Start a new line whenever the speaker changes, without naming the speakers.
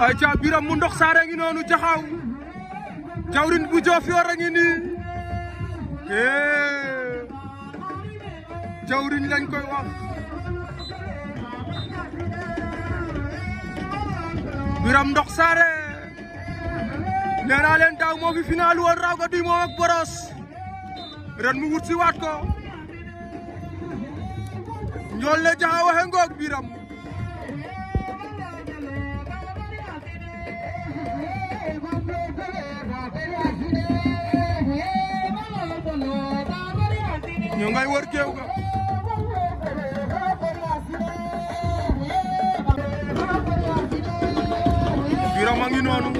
ay ca biram mu ndox saare ngi nonu jaxaw jawrin bu Diofior a ngi ni eh jawrin lañ koy wax biram ndox sare, nee naa leen mo fi final luar raw ko di moom ak boros ren mu wut si wat ko ñol la jaxaw biram
ñu ngay wër géew ga
Birama ngi noonu